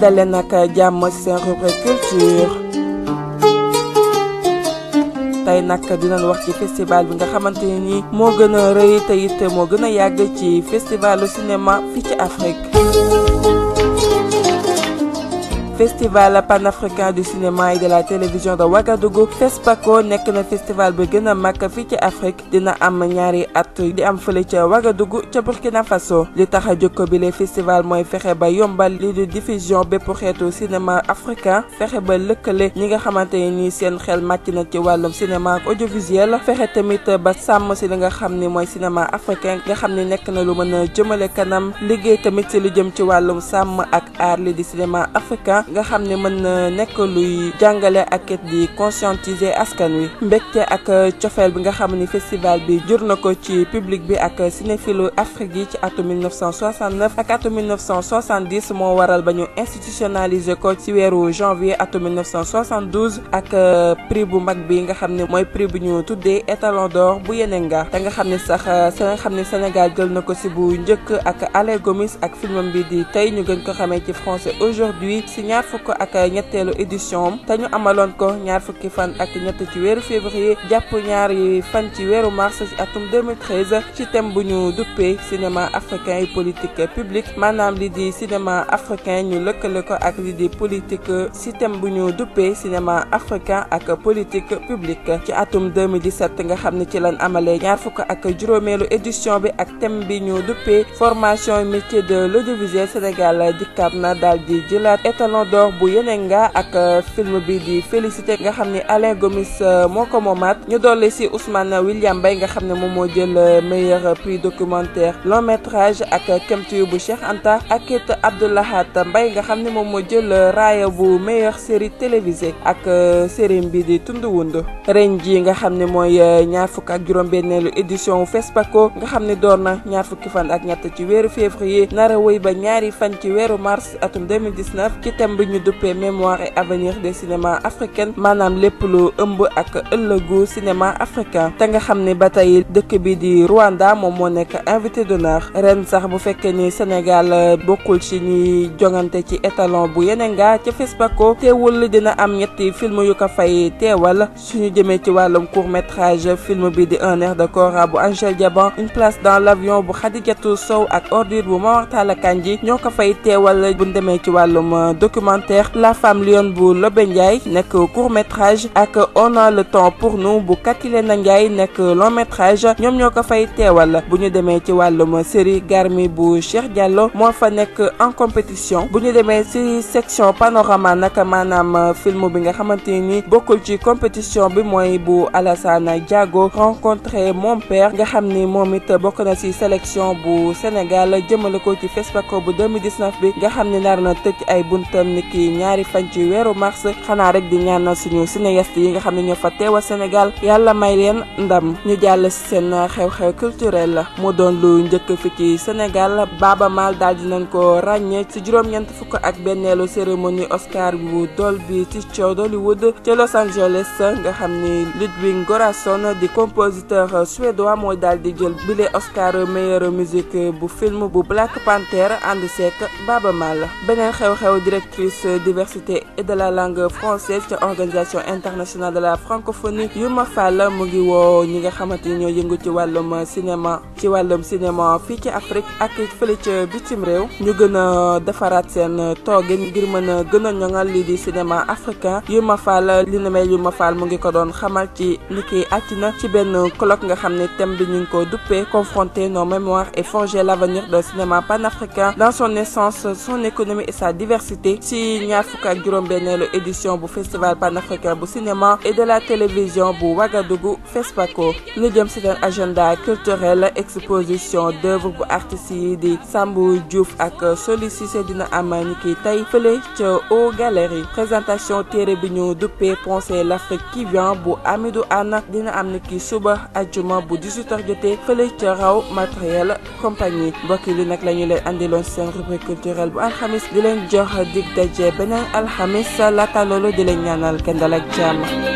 dale nag jàmm seen rubrique culture tey nag dinañ wax ci festival bi nga xamante ne nii moo gën a rëy te moo gën a yàgg ci festivalu cinéma fii ci Afrique. festival panafricain du cinéma et de la télévision de Ouagadougou FESPACO nek na festival bi gën mak fi ci Afrique dina am ñaari at di am fele ci Ouagadougou ci Burkina Faso li tax a bi le festival moy fexé ba yombal li di diffusion bepp xeetu cinéma africain fexé ba lëkkale ñi nga xamanteni ni seen xel màcc na ci walum cinéma ak audiovisuel fexé tamit ba sam si li nga xamni moy cinéma africain nga xamni nek na lu mën a kanam liggéey tamit ci lu jëm ci walum sam ak art li di cinéma africain nga xam ne mën na nekk luy jàngale ak di conscientiser askan wi mbégte ak cofeel bi nga xam ni festival bi jur na ko ci public bi ak cinéphilu Afrique yi ci atum 1969 ak atum 1970 moo waral ba ñu institutionnaliser ko ci weeru janvier atum 1972 ak euh, prix bu mag bi nga xam ne mooy prix bu ñu tuddee étalon d'or bu nga te nga xam ne sax euh, nga xam ne Sénégal jël na ko si bu njëkk ak Allé Gomis ak filmam bi di tey ñu gën ko xamee ci français aujourd'hui ñaar fukk ak ñetteelu édition am te ñu amaloon ko ñaar fukki fan ak ñett ci weeru février jàpp yi fan ci weeru mars ci atum 2013 ci thème bu ñu duppee cinéma africain et politique publique maanaam li di cinéma africain ñu lëkkale ko ak li di politique ci thème bu ñu duppee cinéma africain ak politique publique ci atum 2017 nga xam ne ci lan amalee ñaar fukk ak juróomeelu édition bi ak thème bi ñu duppee formation métier de l'audiovisuel Sénégal di na daal di jëlaat étalon d'or bu nga ak euh, film bi di félicité nga xam ni Alain Gomis euh, moo ko moomaat ñu dolli si Ousmane William mbay nga xam ne moom moo jël euh, meilleur prix documentaire long métrage ak Kemtu bu Cheikh Anta ak it Abdoulahat mbay nga xam ne moom moo jël raaya bu meilleure série télévisée ak série bi di tund Tunduwundu ren ji nga xam ne mooy ñaar fukk ak juróom-benneelu édition FESPACO nga xam ne door na ñaar fukki fan ak ñett ci weeru février nara wéy ba ñaari fan ci weeru mars atum thème mémoire et avenir des cinémas africains maanaam lépp lu ëmb ak ëllëgu cinéma africain te nga xam ne ba bi di Rwanda moom moo invité d'honneur ren sax bu fekkee ni Sénégal euh, bokkul ci ñuy jongante ci étalon bu Yenenga ca FESPACO teewul dina am ñetti film yu ko fay teewal suñu jëmee ci wàllum court métrage film bi di un air de cora bu angel Diaban une place dans l'avion bu Khadijatou Sow ak ordure bu Mawartala kanji ñoo ko fay teewal bu demee ci wàllum euh, document la femme lionne bou Lobengay n'est que court métrage que On a le temps pour nous bu Katilena n'est que long métrage ñom ñoko fay téwal bu ñu démé ci walum série Garmi bu Cheikh Diallo mo fa nek en compétition bu ñu démé ci section panorama nakamanam manam film bi nga xamanteni bokul ci compétition bi moy bu Diago rencontré mon père nga xam ni moom ci sélection bu Sénégal jëmale ko ci FESPACO bu 2019 bi nga xam ni nar na ay bésam ni ki ñaari fan ci weeru mars xanaa rek di ñaanal suñu cinéaste yi nga xam ne ñoo fa teewal Sénégal yàlla may leen ndam ñu jàll si seen xew-xew culturel la mu doon lu njëkk fi ci Sénégal baba Maal daal dinañ ko ràññee ci juróom-ñeent fukk ak benneelu cérémonie Oscar bu bi Dolby Pictures d'Hollywood ca Los Angeles nga xam ni Ludwig Göransson di compositeur suédois mooy daal di jël bile Oscar meilleure musique bu film bu Black Panther ànd seek Baaba Maal beneen xew Euh, diversité et de la langue française l'organisation organisation internationale de la francophonie Yuma Fall fallu ngi woo ñi nga cinéma ci cinéma fii ci Afrique ak fële ca bitim réew ñu gën a defaraat seen toogin ngir mën a gën a di cinéma africain Yuma Fall fallu Yuma Fall mu ngi ko doon xamal ci niki Atina, ci benn colloque nga xam thème bi ñu confronter nos mémoires et forger l'avenir d'un cinéma panafricain dans son essence son économie et sa diversité ci ñaar fukk ak juróom-benneelu édition bu festival panafricain bu cinéma et de la télévision bu Ouagadougou FESPACO ñu jëm ci seen agenda culturel exposition d'œuvres bu artistes yi di Sambou Diouf ak Soli Cissé dina am ñi ki tey fële ca Galerie présentation téere bi ñu duppee Penser l'Afrique qui vient bu Amidou Anna dina am ni ki suba ajjuma bu 18h jotee fële ca raw matériel compagnie mbokk li nag la ñu leen andiloon seen rubrique culturelle bu alxamis di leen jox dig daje beneen alxamis laata loolu di la ñaanal kenn